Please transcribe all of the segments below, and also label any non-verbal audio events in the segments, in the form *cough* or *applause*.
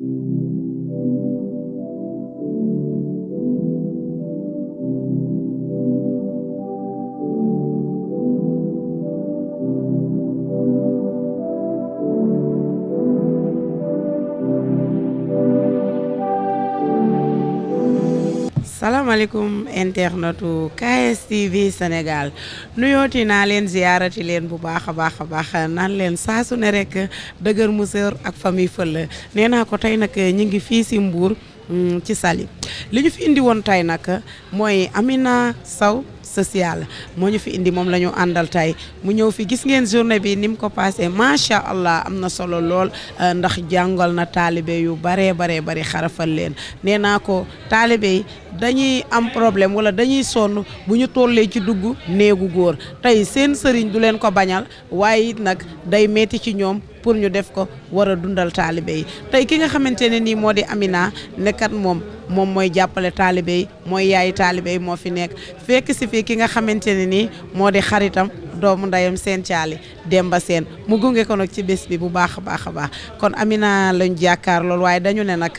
Thank you. salaamaaleykum internetu KSTV Sénégal nuyooti naa leen ziyaarati leen bu baax a baax a baax naan leen saasu ne rek dëgër museur ak famille fël nee naa ko tey nag ñu ngi fii si mbuur mm, ci sali li ñu fi indi woon tey nag mooy ami naa saw sociale moo ñu fi indi moom la ñu àndal tey mu ñëw fi gis ngeen journée bi ni mu ko passé macha allah am na solo lool euh, ndax jàngal na taalibe yu baree baree bari xarafal leen nee naa ko taalibe yi dañuy am problème wala dañuy sonn bu ñu tollee ci dugg néegu góor tey seen sëriñ du leen ko bañal waaye it nag day metti ci ñoom pour ñu def ko war a dundal taalibe yi tey ki nga xamante nii moo di Amina nekkat moom moom mooy jàppale taalibe yi mooy yaay taalibe yi moo fi nekk fekk si fii ki nga xamante ne nii moo di xaritam doomu ndeyam seen caali Demba Seen mu gunge ko nag ci bés bi bu baax a baax a baax kon Amina lañ jàkkaar lool waaye dañu ne nag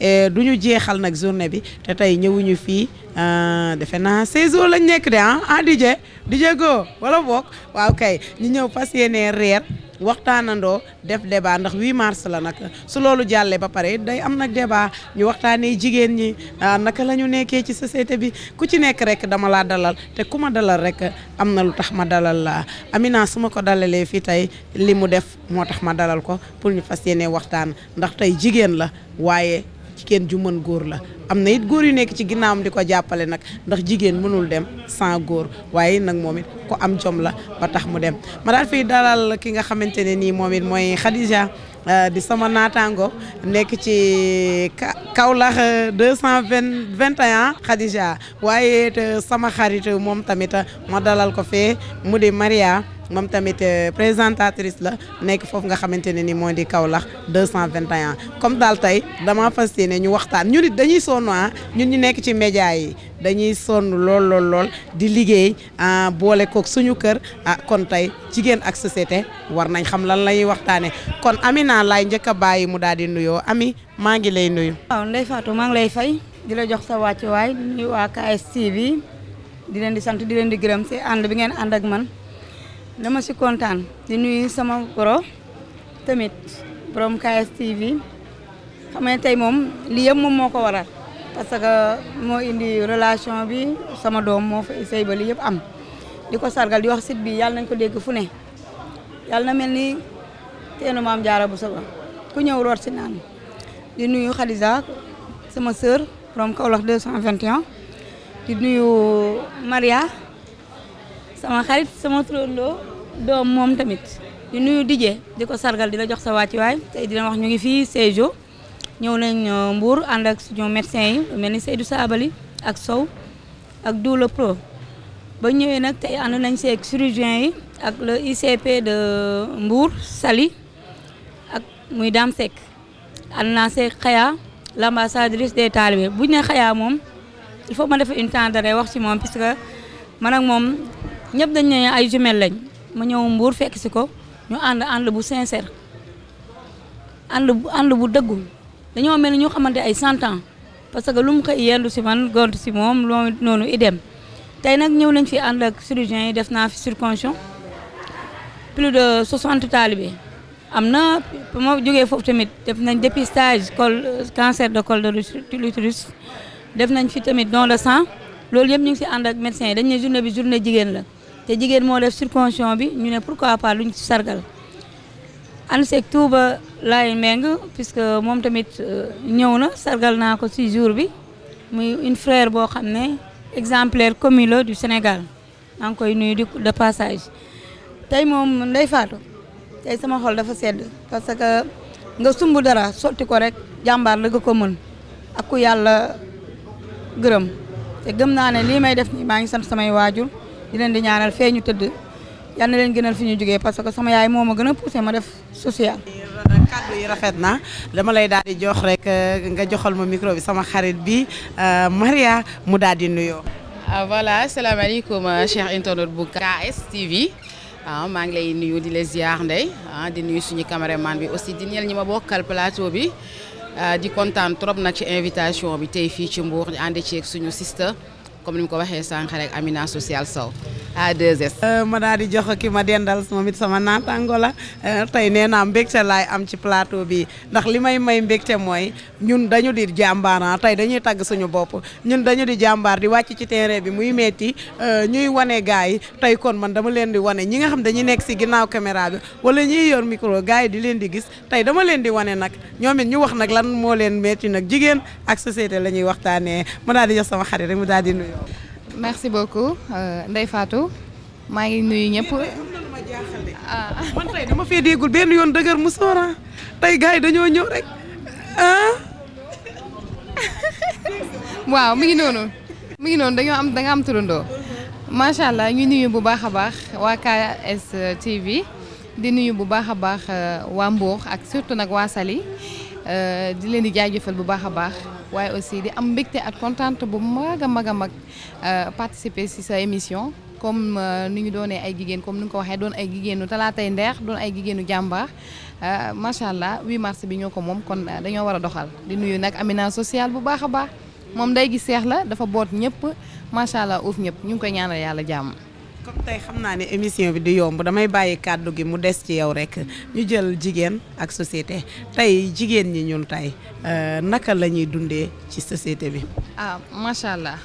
eh, du ñu jeexal nag journée bi te tey ñëwuñu fii eh, defe naa 16 lañ nekk de ah ah DJ DJ go wala boog waaw kay ñu ñëw fas yéene reer waxtaanandoo def débat ndax 8 mars la nag su loolu jàllee ba pare day am nag débat ñu waxtaanee jigéen ñi ah, naka la ñu nekkee ci société bi ku ci nekk rek dama laa dalal te ku ma dalal rek am na lu tax ma dalal la Amina su ma ko dalalee fii tey li mu def moo tax ma dalal ko pour ñu fas yéene waxtaan ndax tey jigéen la waaye kenn ju mën góor la am na it góor yu nekk ci ginnaawam di ko jàppale nag ndax jigéen mënul dem sans góor waaye nag moom it ko am jom la ba tax mu dem ma daal fii dalal ki nga xamante ne nii moom it mooy Khadija euh, di sama naataango nekk ci euh, cent vingt 221 Khadija waaye euh, sama xarit moom tamit ma dalal ko fee mu di Maria moom tamit euh, présentatrice la nekk foofu nga xamante ne ni mooy di Kaolack 221 comme daal tey dama fa yéene ñu waxtaan ñu nit dañuy sonn ah ñun ñu nekk ci média yi dañuy sonn lool lool lool di liggéey ah, boole kook suñu kër ah kon tey jigéen ak société war nañ xam lan la ñuy waxtaanee kon naa laay njëkk a bàyyi mu daal di nuyoo Ami maa ngi lay nuyu. waaw Ndeye Fatou maa ngi lay fay di la jox sa wàccuwaay di nuyu waa KSTV di leen di sant di leen di gërëm si ànd bi ngeen ànd ak man. dama si kontaan di nuyu sama goro tamit borom KSTV xam tey moom lii yëpp moom moo ko waral parce que moo indi relation bi sama doom moo fa sëy ba lii yëpp am di ko sargal di wax site bi yàlla nañ ko dégg fu ne yàlla na mel ni teenu maam jaara bu soba ku ñëw root si naan di nuyu Khadija sama sœur borom Kaolack 221 di nuyu Maria sama xarit sama turandoo doom moom tamit di nuyu Dijé di ko sargal di la jox sa wàccuwaay tey dina wax ñu ngi fii Sédhiou ñëw nañ euh, mbuur ànd ak suñu médecin yi mel ni Seydou Sabali ak Sow ak Doula Pro ba ñëwee nag tey ànd nañ seeg chirurgien yi ak le ICP de euh, Mbour Sali ak muy Dame Seck ànd naa seeg Xaya l'ambassadrice des talibés bu ñu ne Xaya moom il faut ma def une temps wax ci moom puisque man ak moom ñëpp dañ ne ay jumelle lañ ma ñëw Mbour fekk si ko ñu ànd ànd bu sincère ànd bu ànd bu dëggu dañoo mel ni ñu xamante ay cent ans parce que lu mu xëy yendu si man gont si moom loolu noonu idem tey nag ñëw nañ fi ànd ak chirurgien yi def naa fi circoncision plus de soixante taalibe am na moo jógee foofu tamit def nañ dépistage col cancer de col de l'utérus def nañ fi tamit don de sang loolu yëpp ñu ngi si ànd ak médecin yi dañ ne journée bi journée jigéen la te jigéen moo def circoncision bi ñu ne pourquoi pas luñ ci sargal ànd seeg Touba laay meng puisque moom tamit euh, ñëw na sargal naa ko si jour bi muy une frère boo xam ne exemplaire commun du Sénégal maa koy nuyu di de passage tey moom Ndeye Fatou tey sama xol dafa sedd parce que nga sumb dara sotti ko rek jàmbaar la nga ko mën ak ku yàlla gërëm te gëm naa ne lii may def nii maa ngi sant samay waajur di leen di ñaanal fee ñu tëdd yal na leen gënal fi ñu jógee parce que sama yaay moom ma gën a poussé ma def social. kàddu yi rafet na dama lay daal di jox rek euh, nga joxal ma micro bi sama xarit bi euh, Maria mu daal di nuyoo. Ah, voilà asalaamaaleykum euh, chers internautes bu KS TV. Ah, maa ngi lay nuyu di la ziar ndey ah di nuyu suñu caméraman bi aussi di ñeel ñi ma bokkal plateau bi ah, di kontaan trop nag ci invitation bi tey fii ci Mbour di ànd ci suñu sister. comme ni mu ko waxee sànq rek Amina Social Sow s euh, ma daa di jox ki ma dendal moom it sama naataango la euh, tey nee naa mbégte laay am ci plateau bi ndax li may may mbégte mooy ñun dañu di jàmbaar ah, tey dañuy tagg suñu bopp ñun dañu di jàmbaar di wàcc ci terrain bi muy metti euh, ñuy wane gars yi tey kon man dama leen di wane ñi nga xam dañuy nekk si ginnaaw caméra bi wala ñuy yor micro gars yi di leen di gis tey dama leen di wane nag ñoom it ñu wax nag lan moo leen metti nag jigéen ak société la ñuy waxtaanee ma daal di jox sama merci beaucoup euh, ndey Fatou maa ngi nuyu ñëpp. ah *laughs* man dama fee benn yoon dëgër mu soora tey gars yi dañoo ñëw rek ah. *laughs* waaw mi ngi noonu mi ngi noonu dañoo am da am turandoo macha allah ñu nuyu bu baax a baax waa KS TV di nuyu bu baax a baax euh, waa Mbour ak surtout nag waa Saly. Euh, di leen di jaajëfal bu baax a baax waaye aussi di am mbégte ak contente bu mag a mag a mag euh, participer ci sa émission comme euh, ni ñu doonee ay jigéen comme ni nga ko waxee doon ay jigéenu talaatay ndeex doon ay jigéenu jàmbaar macha allah 8 mars bi ñoo ko moom kon dañoo war a doxal di nuyu nag amina sociale bu baax a baax moom day gi seex la dafa boot ñëpp macha allah uuf ñëpp ñu ngi koy ñaanal yàlla jàmm. comme tey xam naa ne émission bi di yomb damay bàyyi kàddu gi mu des ci yow rek ñu jël jigéen ak societé tey jigéen ñi ñun tey euh, naka la ñuy dundee ci société bi. ah macha allah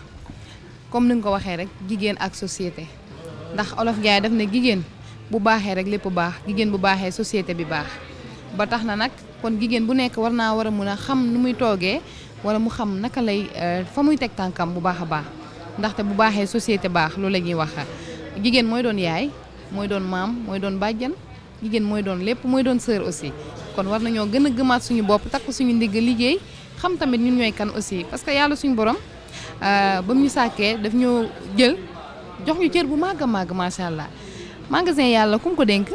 comme ni nga ko waxee rek jigéen ak societé ndax olof Njaay daf ne jigéen bu baaxee rek lépp baax jigéen bu baaxee societé bi baax ba tax na nag kon jigéen bu nekk war naa war a mun a xam nu muy toogee wala mu xam naka lay euh, fa muy teg tànkam bu baax a baax ndaxte bu baaxee société baax loolu la ñuy wax jigéen mooy doon yaay mooy doon maam mooy doon bàjjan jigéen mooy doon lépp mooy doon sœur aussi kon war nañoo gën a gëmaat suñu bopp takk suñu ndigg liggéey xam tamit ñun ñooy kan aussi parce que yàlla suñu borom euh, ba mu ñu sàkkee daf ñoo jël jox ñu cër bu màgg a màgg macha allah magasin yàlla kum ko dénk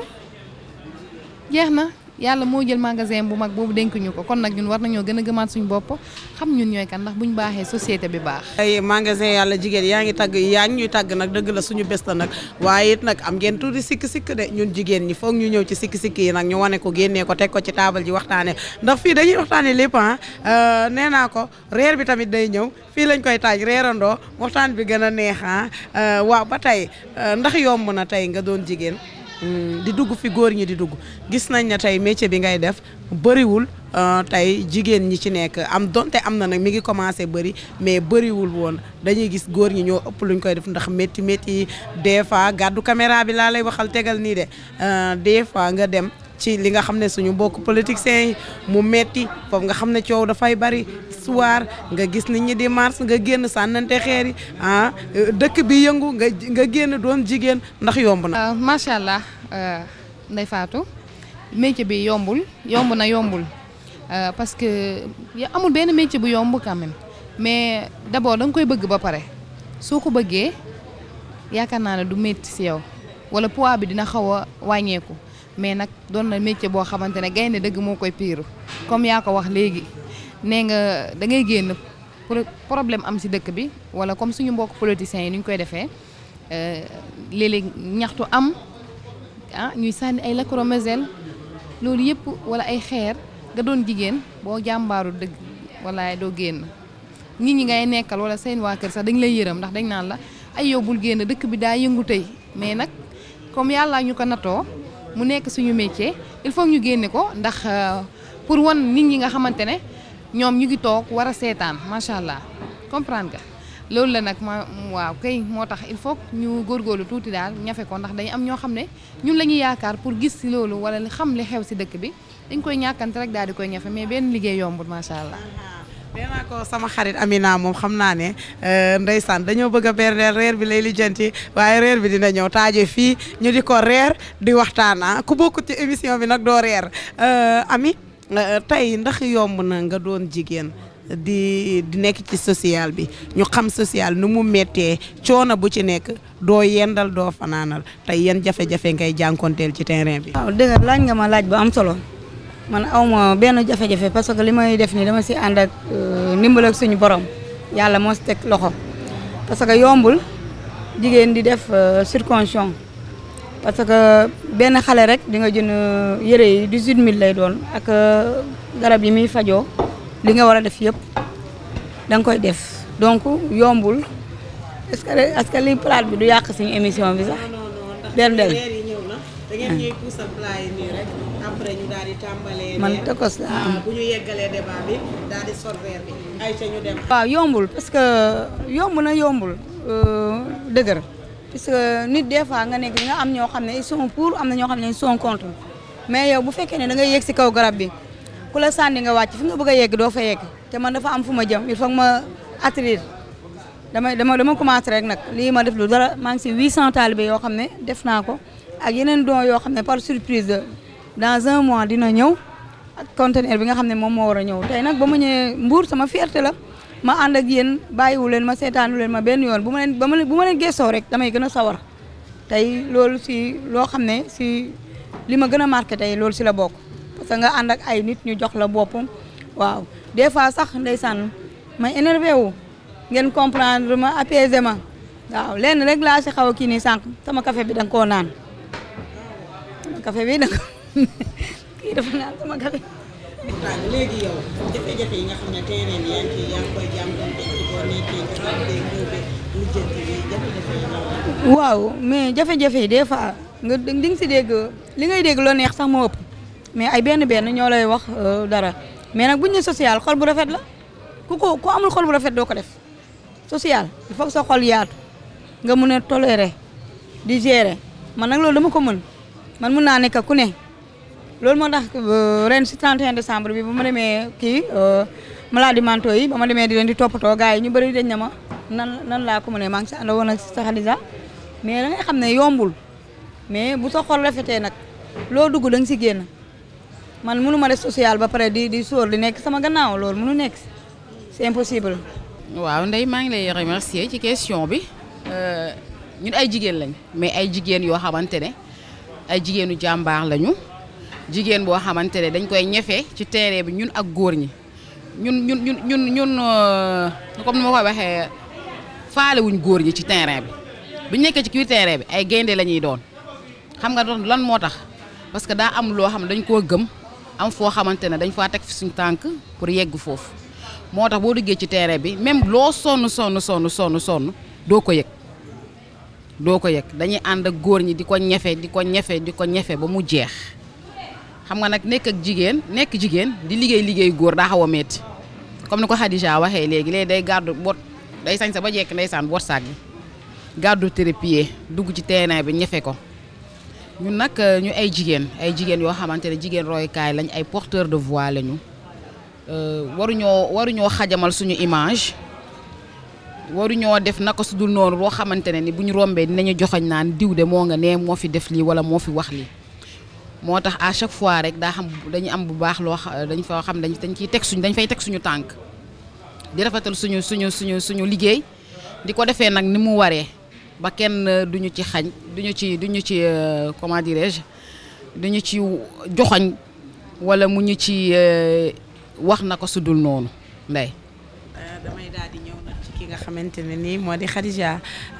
jeex na yàlla moo jël magasin bu mag boobu denkuñu ko kon nag ñun war nañoo gën a gëmaat suñu bopp xam ñun ñooy kan ndax buñ baaxee société bi baax. ay magasin yàlla jigéen yaa ngi tagg yaa ngi ñuy tagg nag dëgg la suñu bés la nag waaye it nag am ngeen tuuti sikk-sikk de ñun jigéen ñi foog ñu ñëw ci sikk-sikk yi nag ñu wane ko génnee ko teg ko ci taabal ji waxtaane ndax fii dañuy waxtaane lépp ah. euh, nee naa ko reer bi tamit day ñëw fii lañ koy taaj reerandoo waxtaan bi gën a neex ah euh, waaw ba tey euh, ndax yomb na tey nga doon jigéen di dugg fi góor ñi di dugg gis nañ ne tey métier bi ngay def bëriwul euh, tey jigéen ñi ci nekk am donte am na nag mi ngi commencé bëri mais bëriwul woon dañuy gis góor ñi ñoo ëpp luñ koy def ndax métti métti yi des fois gàddu caméra bi laa lay waxal tegal nii de euh, des fois nga dem. ci li nga xam ne suñu mbokk politiciens yi mu metti foofu nga xam ne coow dafay bari histoire nga gis nit ñi di mars nga génn sànnante xeer yi ah dëkk bi yëngu nga nga génn doon jigéen ndax yomb na. Euh, macha allah euh, Ndeye Fatou métier bi yombul yomb na yombul euh, parce que amul benn métier bu yomb quand mais d'abord da nga koy bëgg ba pare soo ko bëggee yaakaar naa ne du métti si yow wala poids bi dina xaw a wàññeeku mais nag doon na métier boo xamante ne gaynde dëgg moo koy piiru comme yaa ko wax léegi. nee nga dangay ngay génn problème am si dëkk bi walla comme suñu mbokk politiciens yi ni ñu koy defee euh, léeg-léeg ñaxtu am ah ñuy sànni ay lacrymogène loolu yëpp walla ay xeer nga doon jigéen boo jàmbaaru dëgg wallaay doo génn nit ñi ngay nekkal walla seen waa kër sax dañ lay yërëm ndax dañ naan la ay yow bul génn dëkk bi daa yëngu tey mais nag comme yàlla ñu ko natoo mu nekk suñu métier il faut ñu génne ko ndax euh, pour wan nit ñi nga xamante ne ñoom ñu ngi toog war a seetaan macha allah comprendre nga loolu la nag ma waaw kay moo tax il faut ñu góorgóorlu tuuti daal ñafe ko ndax dañu am ñoo xam ne ñun la ñuy yaakaar pour gis si loolu wala xam li xew si dëkk bi dañ koy ñàkkante rek daal di koy ñafe mais benn liggéey yombul macha allah. nee ko sama xarit Amina moom xam naa ne euh, ndeysaan dañoo bëgg a berndeel reer bi lay lijjanti waaye reer bi dina ñëw taaje fii ñu di ko reer di waxtaan ah, ku bokk ci émission bi nag doo reer euh, ami. Euh, tey ndax yomb na nga doon jigéen di di nekk ci sociale bi ñu xam social nu mu méttee coono bu ci nekk doo yendal doo fanaanal tey yan jafe-jafe ngay jànkonteel ci terrain bi. waaw dëgg laaj nga ma laaj bu am solo man awma benn jafe-jafe parce que li may def nii dama si ànd ak euh, ndimbal ak suñu borom yàlla moo si teg loxo parce que yombul jigéen di def circoncision. Euh, parce que benn xale rek di nga jënd yëre yi 18000 lay doon ak euh, garab yi muy fajoo li nga war a def yëpp da nga koy def donc yombul parce que est li plat bi du yàq suñu émission bi sax. den ah. daal di tàmbalee. man takos la am ah, yeggalee débat bi daal di sorveer waaw yombul parce que yomb na yombul euh, dëgër. parce que nit des fois nga nekk nga am ñoo xam ne ils sont pour am na ñoo xam ne ils sont mais yow bu fekkee ne da yegg si kaw garab bi ku la sànni nga wàcc fi nga bëgg a yegg doo fa yegg te man dafa am fu ma jëm il faut ma atterrir dama dama dama commencé rek nag lii ma def lu dara maa ngi si 800 talibé yoo xam ne def naa ko ak yeneen don yoo xam ne par surprise dans un mois dina ñëw ak conteneur bi nga xam ne moom moo war a ñëw tey nag ba mu ñëwee Mbour sama fierté la. ma ànd ak yéen bàyyiwu leen ma seetaanu leen ma benn yoon bu ma leen ba ma leen bu ma leen gëstoo rek damay gën a sawar tey loolu si loo xam ne si li ma gën a marqué tey loolu si la bokk parce nga ànd ak ay nit ñu jox la bopp waaw des fois sax ndeysaan ma énervé wu ngeen comprendre ma apaisé ma waaw lenn rek laa si xaw a kii nii sànq sama café bi da koo naan sama café bi da *laughs* kii dafa naan sama café pourtant léegi yow jafe-jafe nga xam ne waaw mais jafe-jafe yi des nga di nga si dégg li ngay dégg neex sax moo ëpp mais ay benn benn ñoo lay wax euh, dara mais nag bu ñu social xol bu rafet la ku ko ku amul xol bu rafet doo ko def social il faut que sa xol yaatu nga mun a tolérer di gérer man nag loolu dama ko mën man mun naa nekk ku ne. loolu moo tax euh, ren si 31 décembre bi ba ma demee kii euh, maladie manto yi ba ma demee di leen di toppatoo gars yi ñu bëri dañ na ma nan nan laa ko mënee maa ngi si ànda woon ak si Khadija mais da ngay xam ne yombul mais bu sa xol nag loo dugg da si génn man mënu ma def social ba pare di di sóor di nekk sama gannaaw loolu munu nekk si impossible. waaw ndey maa ngi lay remercier ci question bi euh, ñun ay jigéen lañ mais ay jigéen yoo xamante ne ay jigéenu jàmbaar lañu. jigéen boo xamante ne dañ koy ñefe ci terrain bi ñun ak góor ñi ñun ñun ñun ñun ñun euh, comme ni ma koy waxee faale wuñ góor ñi ci terrain bi bu ñu ci kii terrain bi ay gaynde la ñuy doon xam nga doon lan moo tax parce que daa am loo xam ne dañ koo gëm am foo xamante ne dañ faa teg fi suñu tànk pour yegg foofu moo tax boo duggee ci terrain bi même loo sonn sonn sonn sonn sonn doo ko yëg doo ko yëg dañuy ànd ak góor ñi di ko ñefe di ko ñefe di ko ñefe ba mu jeex xam nga nag nekk ak jigéen nekk jigéen di liggéey liggéey góor daa xaw a métti comme ni ko Khadija waxee léegi léegi day gàddu bot day sañ sa ba jekk ndeysaan bot saag bi gàddu trépied dugg ci terrain bi ñefe ko ñun nag euh, ñu ay jigéen ay jigéen yoo xamante ne jigéen royukaay lañu ay porteur de voix lañu euh, waruñoo waruñoo xajamal suñu image waruñoo def naka sudul dul noonu boo xamante ne ni bu ñu rombee dinañu joxoñ naan diw de moo nga nee moo fi def lii wala moo fi wax lii moo tax à chaque fois rek daa xam dañu am bu baax loo dañ fa xam dañ dañ ciy teg suñ dañ fay teg suñu tànk di rafetal suñu suñu suñu suñu liggéey di ko defee nag ni mu waree ba kenn duñu ci xañ duñu ci duñu ci euh, comment dirais-je duñu ci joxoñ wala mu ñu ci euh, wax na ko sudul noonu ndey euh, nga xamante ne nii moo di Khadija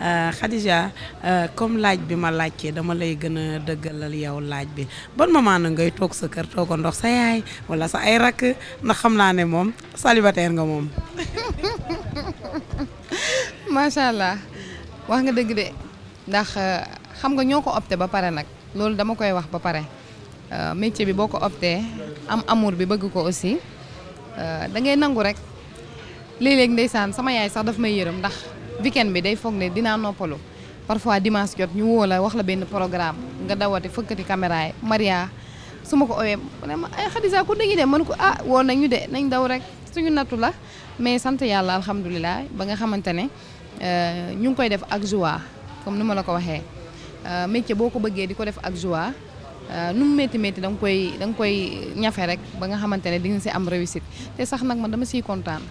euh, Khadija euh, comme laaj bi ma laaj laajtee dama lay gën a dëggalal yow laaj bi ban moment na ngay toog sa kër toog ndox sa yaay wala sa ay rakk ndax xam naa ne moom célibataire nga moom. *laughs* macha allah wax nga dëgg de ndax euh, xam nga ñoo ko opté ba pare nag loolu dama koy wax ba pare métier bi boo ko opte am amour bi bëgg ko aussi da ngay nangu rek. léeg-léeg ndeysaan sama yaay sax daf may yërëm ndax weekend bi day foog ne dinaa noppalu parfois dimanche jot ñu woo la wax la benn programme nga dawati fëkkati caméra yi Maria su ma ko owee ma ay eh, Xadisa ku dañuy dem man ko ah woo nañu de nañ daw rek suñu nattu la mais sant yàlla alhamdulilah ba nga xamante ne euh, ñu ngi koy def ak joie comme ni ma la ko waxee euh, métier boo ko bëggee di ko def ak joie euh, nu mu métti métti da nga koy da nga koy ñafe rek ba nga xamante ne di nga si am réussite te sax nag man dama siy kontaan.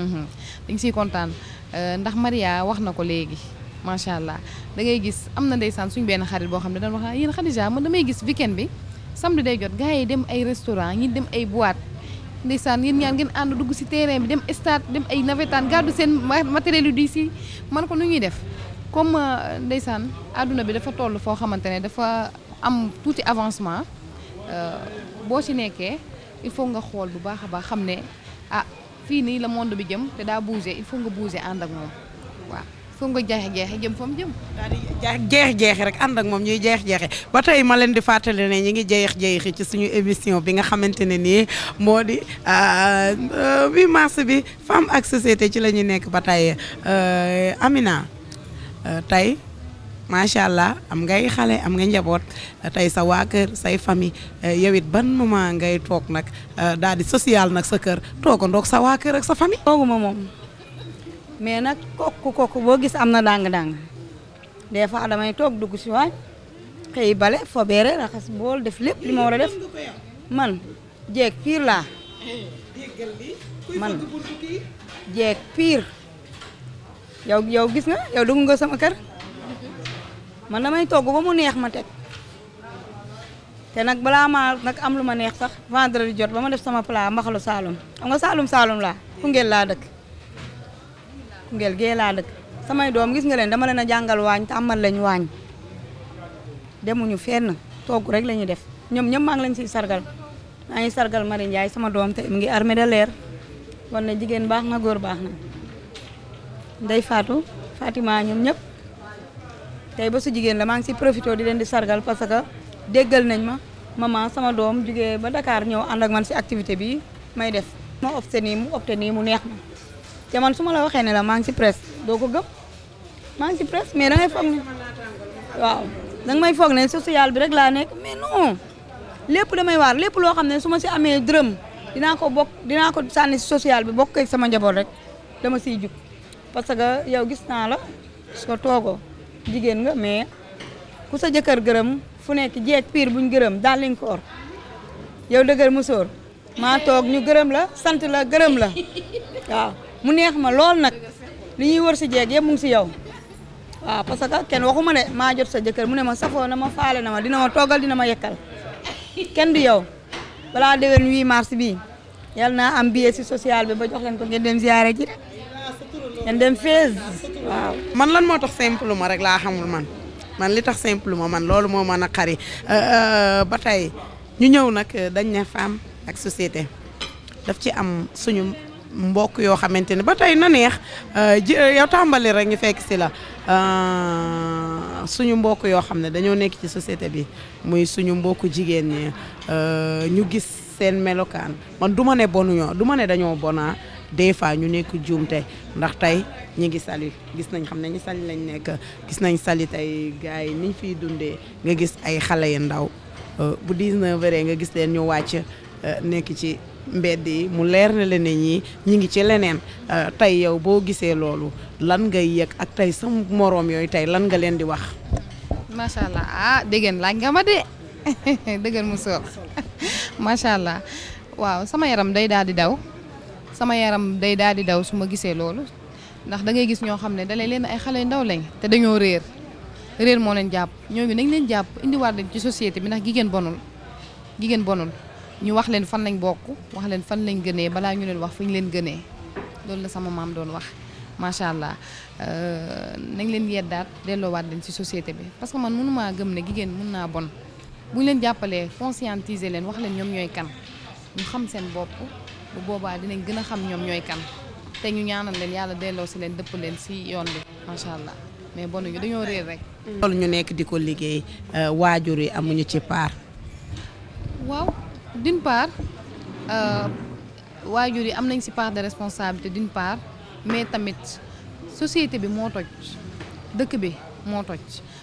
Mhm. dañ siy kontaan euh, ndax Maria wax na ko léegi macha allah da ngay gis am na ndeysaan suñ benn xarit boo xam ne dañ wax yéen Khadija man damay gis weekend bi samedi day jot gaa yi dem ay restaurant ñi dem ay boite ndeysaan yéen ñaan ngeen ànd dugg si terrain bi dem stade dem ay navetaan gàddu seen matériel yu si man ko nu ñuy def comme euh, ndeysaan àdduna bi dafa toll foo xamante ne dafa am tuuti avancement euh, boo si nekkee il faut nga xool bu baax a baax xam ne ah fii nii la monde bi jëm te daa bouger il faut nga bouger ànd ak moom waaw foo nga jeexe jeex jëm fa jëm. daal di jeex rek ànd ak moom ñuy jeex jeexe ba tey ma leen di fàttali ne ñu ngi jeex jeexi ci suñu émission bi nga xamante ne nii moo di 8 euh, mars bi femme ak société ci la ñu nekk ba tey euh, Amina euh, tey. macha allah am ngay xale am nga njaboot tey sa waa kër say famille eh, yow it ban moment ngay toog nag eh, daal di social nag sa kër toogandoog sa waa kër ak sa famille. tooguma moom mais nag kooku kooku boo gis am na dàng-dàng des fois damay toog dugg si waay xëy bale fobeere raxas bool def lépp li ma war a def man jeek piir laa man jeeg piir yow yow gis na yow dugg nga sama kër. man damay togg ba mu neex ma teg te nag balaa ma nag am lu ma neex sax vendredi jot ba ma def sama plat mbaxalu Saalum xam nga Saalum Saalum laa Koungheul laa dëkk Koungheul gee laa dëkk sama doom gis nga leen dama leen a jàngal waañ te amal lañ waañ demuñu fenn togg rek la ñuy def ñoom ñëpp maa ngi leen siy sargal maa ngi sargal Marie Ndiaye sama doom te mu ngi armée de l'air wan ne jigéen baax na góor baax nday faatu Fatou Fatima ñoom ñëpp. tey ba su jigéen la maa ngi si profité di leen di sargal parce que déggal nañ ma maman sama doom jugee ba Dakar ñëw ànd ak man si activité bi may def. ma opté nii mu opté nii mu neex ma te man su ma la waxee ne la maa ngi si presse doo ko gëm maa ngi si presse mais da ngay foog ne waaw da may foog ne social bi rek laa nekk mais non lépp damay waar lépp loo xam ne su ma si amee dërëm dinaa ko bokk dinaa ko sànni si social bi bokk ak sama njaboot rek dama siy jug parce que yow gis naa la soo toogoo. jigéen nga mais ku sa jëkkër gërëm fu nekk jeeg piir buñ gërëm daal liñ ko or yow dëgër musóor maa toog ñu gërëm la sant la gërëm la waaw mu neex ma lool nag li ñuy wër si jeeg yëpp mu si yow waaw parce que kenn waxu ma maa jot sa jëkkër mu ne ma safoo na ma faale na ma dina ma toggal dina ma yekkal kenn du yow balaa déwén 8 mars bii yal naa am billet si social bi ba jox ko ngeen dem ziare ngeen man lan moo tax simple ma rek laa xamul man man li tax simple ma man loolu moo mën a xari ba tey ñu ñëw nag euh, dañ ne femme ak société daf ci am suñu mbokk yoo xamante ne ba tey na neex euh, ji euh, yow tàmbali rek ñu fekk si la suñu mbokk yoo xam ne dañoo nekk ci societé bi muy suñu mbokk jigéen ñi ñu gis seen melokaan man du ma ne bonuñoo du ma ne dañoo bonaa des fois ñu nekk juumte ndax tey ñi ngi sali gis nañ xam nañu sali lañ nekk gis nañ sali tey gars yi niñ fiy dundee nga gis ay xale yu ndaw euh, bu 19 heures nga gis leen ñu wàcc euh, nekk ci mbedd yi mu leer na leen ne ñii ñi ngi ci leneen euh, tey yow boo gisee loolu lan ngay yëg ak tey sa moroom yooyu tey lan nga leen di wax. macha allah ah dégg laaj nga ma de *laughs* dëggal mu soog *laughs* macha allah waaw sama yaram day daal di daw. sama yaram day daal di daw su ma gisee loolu ndax da ngay gis ñoo xam ne dalee leen ay xale yu ndaw lañ te dañoo réer réer moo leen jàpp ñooñu nañ leen jàpp indiwaat leen ci société bi ndax jigéen bonul jigéen bonul ñu wax leen fan lañ bokk wax leen fan lañ gënee balaa ñu leen wax fu ñu leen gënee loolu la sama maam doon wax macha allah euh, nañ leen yeddaat delloowaat leen ci société bi parce que man mënumaa gëm ne jigéen mën naa bon bu ñu leen jàppalee conscientiser leen wax leen ñoom ñooy kan ñu xam seen bopp bu boobaa dinañ gën a xam ñoom ñooy kan te ñu ñaanal leen yàlla delloo si leen dëpp leen si yoon bi macha allah mais bonuñu dañoo réer rek. loolu ñu nekk di ko liggéey euh, waajur yi amuñu ci part. waaw d'une part euh, waajur yi am nañ si part de responsabilité d'une part mais tamit société bi moo toj dëkk bi moo toj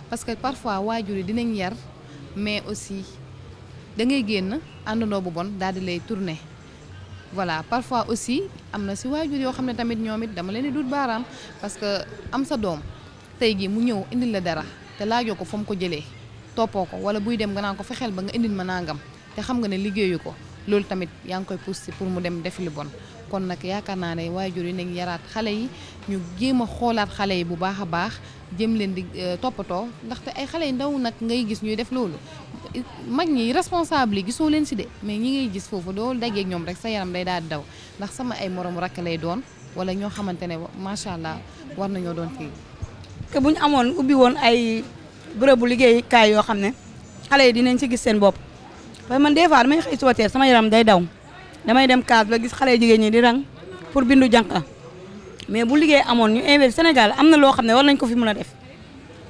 parce que parfois waajur yi dinañ yar mais aussi da ngay génn àndandoo bu bon daal di lay tourner. voilà parfois aussi am na si waajur yoo xam ne tamit ñoom it dama leen di dut baaraam parce que am sa doom tey jii mu ñëw indil la dara te laajoo ko fa mu ko jëlee toppoo ko wala buy dem nga naan ko fexeel ba nga indil ma nangam te xam nga ne liggéeyu ko loolu tamit yaa ngi koy poussé pour mu dem def li bon kon nag yaakaar naa ne waajur yi ngi yaraat xale yi ñu jéem a xoolaat xale yi bu baax a baax jëm leen di euh, toppatoo ndaxte ay xale yi ndaw nag ngay gis ñuy def loolu mag ñi responsable yi gisoo leen si de mais ñi ngay gis foofu doo dajeeg ñoom rek sa yaram day daal di daw ndax sama ay moromu rakk lay doon wala ñoo xamante ne macha allah war nañoo doon te que bu ñu amoon ubbi woon ay bërëbu liggéeyukaay yoo xam ne xale yi dinañ si gis seen bopp parce que man des fois damay xëy suba sama yaram day daw damay dem kaas la gis xale jigéen ñi di rang pour bindu jànka mais bu liggéey amoon ñu investi Sénégal am na loo xam ne war nañ ko fi mën a def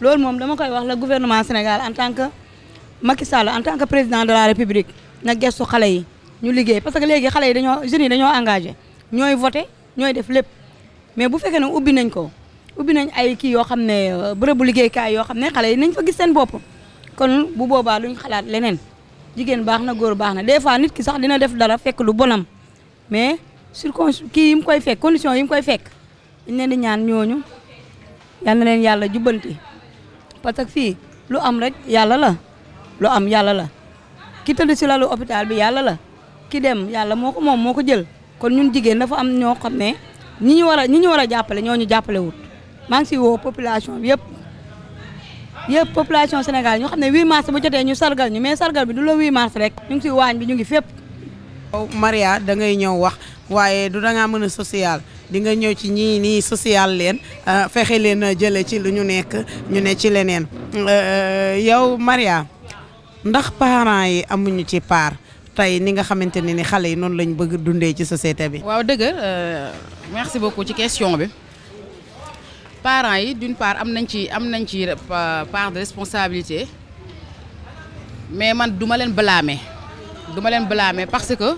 loolu moom dama koy wax la gouvernement Sénégal Macky Sall en tant que président de la république na gestu xale yi ñu liggéey parce que léegi xale yi dañoo jeunes yi dañoo engagé ñooy voté ñooy def lépp mais bu fekkee ne ubbi nañ ko ubbi nañ ay kii yoo xam ne liggéey euh, liggéeykaay yoo xam ne xale yi nañ fa gis seen bopp kon bu boobaa ñu xalaat leneen jigéen baax na góor baax na des fois nit ki sax dina def dara fekk lu bonam mais sur kii yi mu koy fekk condition yi mu koy fekk leen di ñaan ñooñu yal na leen yàlla jubbanti parce que fii lu am rek yàlla la lu am yàlla la ki tëdd si lalu hôpital bi yàlla la ki dem yàlla moo ko moom moo ko jël kon ñun jigéen dafa am ñoo xam ne ñi ñu war a ñi ñu war a jàppale ñoo ñu jàppale wut maa ngi si woo population yëpp yëpp population Sénégal ñoo xam ne 8 mars bu jotee ñu sargal ñu mais sargal bi du la 8 mars rek ñu ngi si waañ bi ñu ngi fépp. waaw Maria da ngay ñëw wax waaye du dangaa mën a social di ngay ñëw ci ñi nii social leen ah, fexe leen jëlee ci lu ñu nekk ñu ne ci leneen euh, euh, yow Maria. ndax parent yi amuñu ci part tey ni nga xamante ne ni xale yi noonu lañ bëgg dundee ci société bi. waaw dëgg euh, merci beaucoup ci question bi parent yi d'une part am nañ ci am nañ ci euh, part de responsabilité mais man duma leen blâmer duma leen blâmer parce que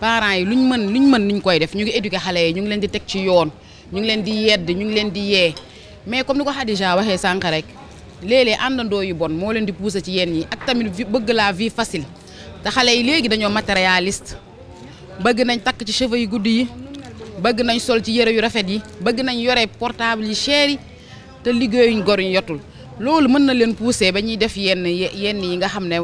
parents yi luñ mën luñ mën niñ koy def ñu ngi éduquer xale yi ñu ngi leen di teg ci yoon ñu ngi leen di yedd ñu ngi leen di yee mais comme ni ko Khadija waxee sànq rek. léeg-léeg àndandoo yi bon moo leen di pousser ci yenn yi ak tamit bëgg laa vie facile te xale yi léegi dañoo matérialiste bëgg nañ takk ci cheveux yi guddi yi bëgg nañ sol ci yëre yu rafet yi bëgg nañ yore portable yi cher yi te liggéeyuñ gor ñu yotul loolu mën na leen pousser ba ñuy def yenn yenn yi nga xam ne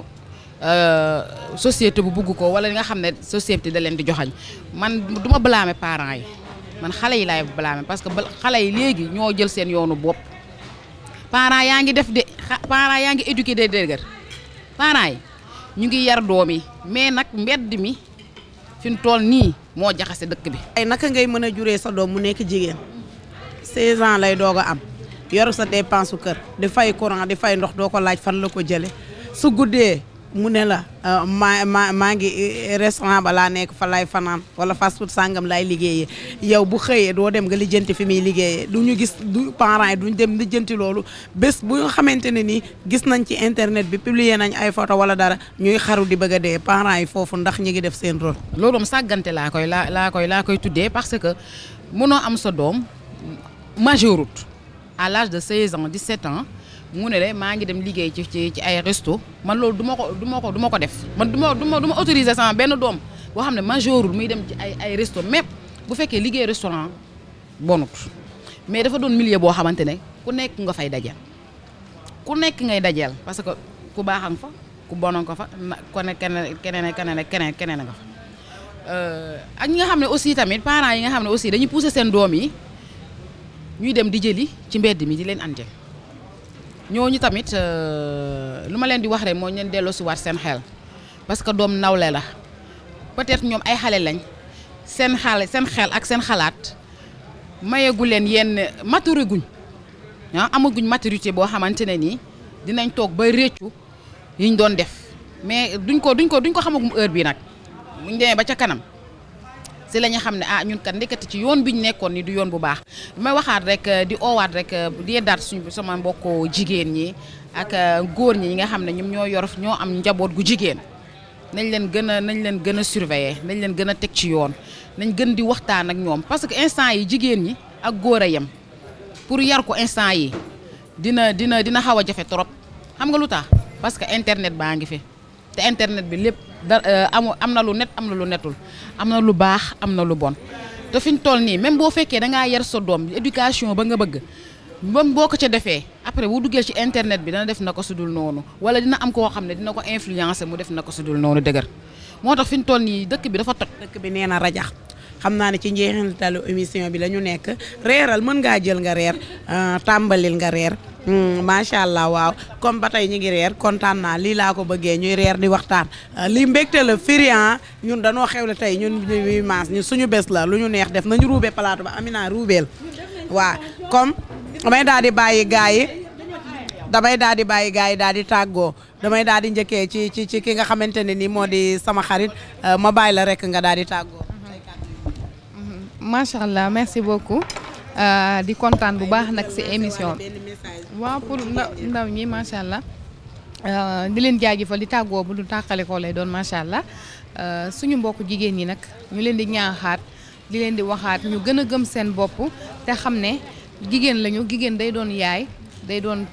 euh, société bu bugg ko wala li nga xam ne société da leen di joxañ man du ma parent yi man xale yi laay blâmer parce que xale yi léegi ñoo jël seen yoonu bopp. parents yaa ngi def de parents yaa ngi éduqué de dëgër parents yi ñu ngi yar doom yi mais nag mbedd mi fi mu toll nii moo jaxase dëkk bi. ay naka ngay mën a juree sa doom mu nekk jigéen 16 ans lay doog a am yor sa dépense su kër di fay courant di fay ndox doo ko laaj fan la ko jëlee su guddee. mu ne la euh, maa maa maa ngi euh, restaurant ba laa nekk fa lay fanaan wala fast food sàngam laay liggéeyee yow bu xëyee doo dem nga lijjanti fi muy liggéeyee du ñu gis du parents yi duñ dem lijjanti loolu bés bu xamante ne nii gis nañ ci internet bi publier nañ ay photo wala dara ñuy xaru di bëgg dee parents yi foofu ndax ñu ngi def seen rôle. loolu moom sàggante laa koy laa koy laa koy tuddee parce que mënoo am sa doom majeurut à l'âge de 16 ans 17 ans. mu ne la maa ngi dem liggéey ci ci ci ay resto man loolu du ma ko du ma ko du ko def man du ma du ma ma autoriser benn doom boo xam ne majeurul muy dem ci ay ay resto même bu fekkee liggéey restaurant bonut mais dafa doon milieu boo xamante ne ku nekk nga fay dajal ku nekk ngay dajal parce que ku baaxam fa ku bonoon ko fa kone keneen keneen keneen keneen keneen nga fa euh, ak ñi nga xam ne aussi tamit parent yi nga xam ne aussi dañuy pousser seen doom yi ñuy dem di jëli ci mbedd mi di leen andil ñooñu tamit euh, lu ma leen di wax rek moo leen delloosiwaat seen xel parce que doom nawle la peut-être ñoom ay xale lañ seen xale seen xel ak seen xalaat mayeegu leen yenn mature guñ ah amaguñ maturité boo xamante ne nii dinañ toog ba réccu yiñ doon def mais duñ ko duñ ko duñ ko xamagum heure bii nag muñ demee ba ca kanam. si la ñu xam ne ah ñun kat ndekete ci yoon bi ñu nekkoon ni du yoon bu baax may waxaat rek euh, di oowaat rek euh, di yeddaat suñu sama mbokk jigéen ñi ak euh, góor ñi nga xam ne ñoom ñoo yor ñoo am njaboot gu jigéen nañ leen gën a nañ leen gën a surveiller nañ leen gën a teg ci yoon nañ gën di waxtaan ak ñoom parce que instant yi jigéen ñi ak góor a yem pour yar ko instant yi dina dina dina xaw a jafe trop xam nga lu tax parce que internet baa ngi fi te internet bi lépp. da eh, amu am na lu net am na lu netul am na lu baax am na lu bon te fi ñu toll nii même boo fekkee da ngaa yar sa doom éducation ba nga bëgg même boo ko ca defee après bu duggee ci internet bi dana def na ko dul noonu wala dina am koo xam ne dina ko influencer mu def na ko sudul noonu dëgër moo tax fi ñu toll nii dëkk bi dafa toj. dëkk bi nee na rajax xam naa ne ci njeexintalu émission bi la nekk reeral mën ngaa jël nga reer euh, tàmbalil nga reer hmm, macha allah waaw comme ba tey ñu ngi reer kontaan naa lii laa ko bëggee ñuy reer di waxtaan euh, lii mbégte la firian ah. ñun danoo xewle tey ñun suñu bés la lu ñu neex def nañu ruube palaatu ba Amina ruubeel waaw comme damay daal di bàyyi gars yi damay daal di bàyyi gars yi daal di tàggoo damay daal di njëkkee ci ci ci ki nga xamante ne nii moo di sama xarit euh, ma bàyyi la rek nga daal di tàggoo. macha allah merci beaucoup euh, di kontaan bu baax nag si émission bi waaw pour ndaw ndaw ñi macha allah euh, di leen jaajëfal di tàggoo bu du tàqalikoo lay doon macha allah euh, suñu mbokk jigéen ñi nag ñu leen di ñaaxaat di leen di waxaat ñu gën a gëm seen bopp te xam ne jigéen lañu jigéen day doon yaay day doon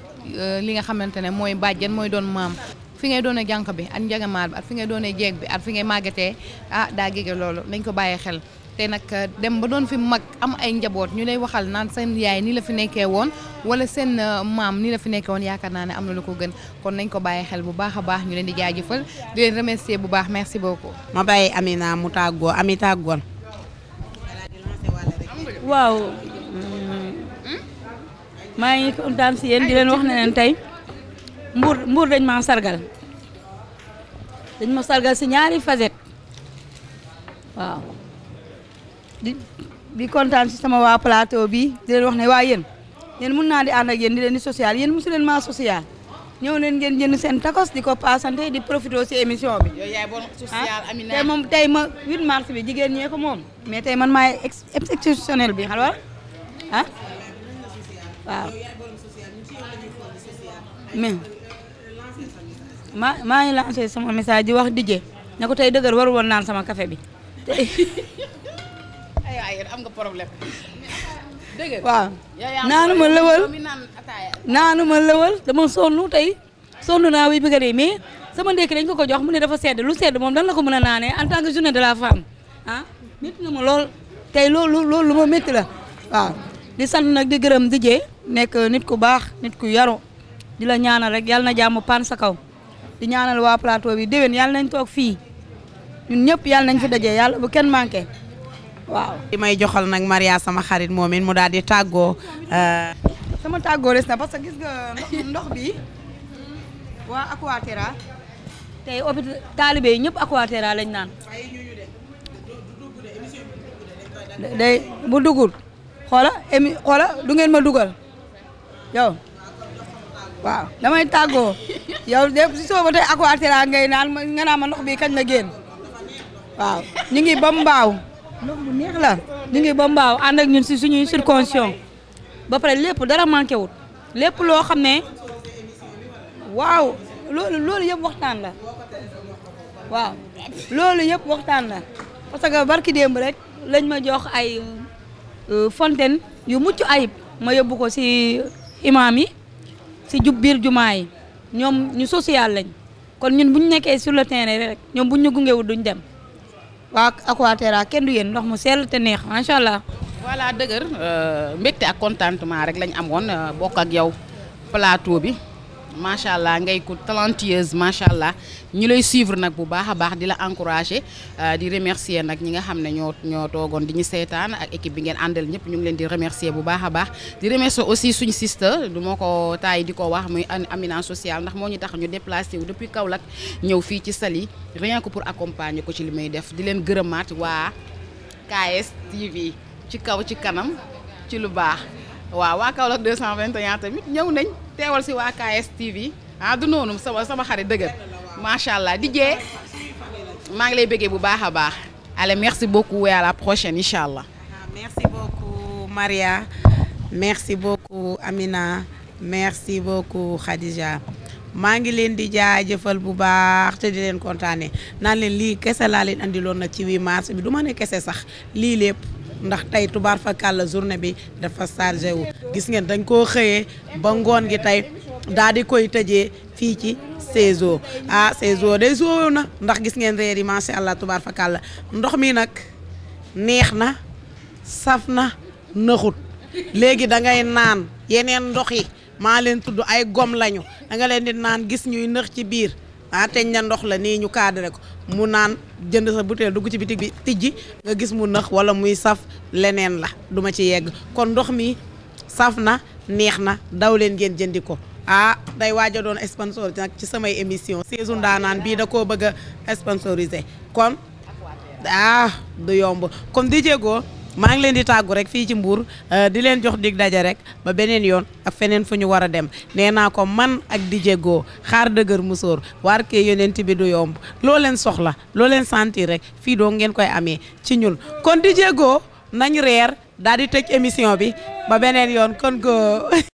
li nga xamante ne mooy bàjjen mooy doon maam fi ngay doonee jànq bi ak njagamaar bi ak fi ngay doonee jeeg bi at fi ngay màggatee ah daa gége loolu nañ ko bàyyi xel te nag euh, dem ba doon fi mag am ay njaboot ñu lay waxal naan seen yaay nii la fi nekkee woon wala seen euh, maam nii la fi nekkee woon yaakaar naa ne am na lu ko gën kon nañ ko bàyyi xel bu baax a baax ñu leen di jaajëfal di leen remercier bu baax merci beaucoup. ma bàyyi Amina mu tàggoo ami tàggoon. waaw. maa ngi si yéen di leen wax ne leen tey mbuur mbuur dañ maa sargal dañ ma sargal si ñaari facette waaw. di di kontaan si sama waa plateau bi di leen wax na waa yéen yéen mun naa di ànd ak di leen di social yéen mosu leen maa social ñëw leen ngeen jënd seen takos di ko paasante di profité si émission bi. yooyu yaay bon ah, moom tey ma 8 mars bi jigéen ñee ko moom. mais tey man maay ex exceptionnel bi xalwa ah waaw. mais maa maa ngi lancé sama message di wax DJ ne ko tey dëgër war woon naan sama kafe bi *laughs* ailleurs am nga problème dëgg waaw naanu ma lëwal naanu ma lëwal dama sonn tey sonn naa wuy bëgg a dee mais sama ndékki dañ ko ko jox mu ne dafa sedd lu sedd moom dan la ko mën a naanee en tant que journée la femme ah métti na ma lool tey loolu loolu lu ma métti la waaw di sant nag di gërëm di jee nekk nit ku baax nit ku yaru di la ñaanal rek yàlla na jàmm pan sa kaw di ñaanal waa plateau bi déwén yàlla nañ toog fii ñun ñëpp yàlla nañ fi daje yàlla bu kenn manqué waaw li may joxal nag Maria sama xarit moom it mu daal di tàggoo. Euh, sama tàggoo des na parce que gis nga ndox bi waa Aquaterra tey hôpital taalibe ñëpp Aquaterra lañ naan. day bu dugul xoola émi xoola du ngeen ma dugal yow waaw damay tàggoo yow de si soo ba tey Aquaterra ngay naan nga naa ma ndox bi kañ la génn waaw ñu ngi ba mbaaw ndox mu neex la ñu ngi ba mbaaw ànd ak ñun si suñuy circoncision ba pare lépp dara manqué wut lépp loo xam ne waaw loolu loolu yëpp waxtaan la waaw loolu yëpp waxtaan la parce que barki démb rek lañ ma jox ay euh, fontaine yu mucc ayib ma yóbbu ko si imaam yi si jub biir jumaa yi ñoom ñu social lañ kon ñun bu ñu nekkee sur le terrain rek ñoom bu ñu gungewul duñ dem waa Aquaterra kenn du yéen ndox mu sell te neex macha allah. voilà dëgër euh, mbégte ak contentement rek lañ amoon euh, bokk ak yow plateau bi. macha allah ngay ko talentueuse macha allah ñi lay suivre nag bu baax a baax di la encourager euh, di remercier nag ñi nga xam ne ñoo ñoo toogoon di ñu seetaan ak équipe bi ngeen àndal ñëpp ñu ngi leen di remercier bu baax a baax di remercier aussi suñu sister du ma ko taay di ko wax muy Amina sociale ndax moo ñu tax ñu déplacé wu depuis Kaolack ñëw fii ci sali rien ko pour accompagner ko ci li muy def di leen gërëmaat waa KS TV ci kaw ci kanam ci lu baax waaw waa Kaolack 221 tamit ñëw nañ. teewal si waa KSTV ah du noonu sama sama xarit dëgër macha allah di jee maa ngi lay bëggee bu baax a baax. ale merci beaucoup et à la prochaine incha allah. merci beaucoup Maria merci beaucoup Amina merci beaucoup Khadija. maa ngi leen di jëfal bu baax te di leen kontaane naan leen lii kese laa leen andiloon nag ci wii mars bi du ma ne kese sax lii lépp. ndax tey tubaar fakal la journée bi dafa chargé wu gis ngeen dañ koo xëyee ba ngoon gi tey daal di koy tëjee fii ci saison ah saison day soow na ndax gis ngeen reer yi macha allah tubaar fakal la ndox mi nag neex na saf na nëxut léegi da ngay naan yeneen ndox yi maa leen tudd ay gom lañu danga leen di naan gis ñuy nëx ci biir ah teñ na ndox la nii ñu cadré ko mu naan jënd sa butéel dugg ci bitig bi tijji nga gis mu nëx wala muy saf leneen la duma ci yegg kon ndox mi saf na neex na daw leen ngeen jëndi ko ah day waaj a doon sponsor nag ci samay émission saison ndaanaan bii da koo bëgg a sponsorisé kon ah du yomb comme di jéego maa ngi leen di tàggu rek fii ci Mbour euh, di leen jox dig daje rek ba beneen yoon ak feneen fu ñu war a dem nee naa ko man ak di jéggoo xaar dëgër musóor waar kee yonent bi du yomb loo leen soxla loo leen sentir rek fii doo ngeen koy amee ci ñun kon di jéggoo nañ reer daal di tëj émission bi ba beneen yoon kon ko *laughs*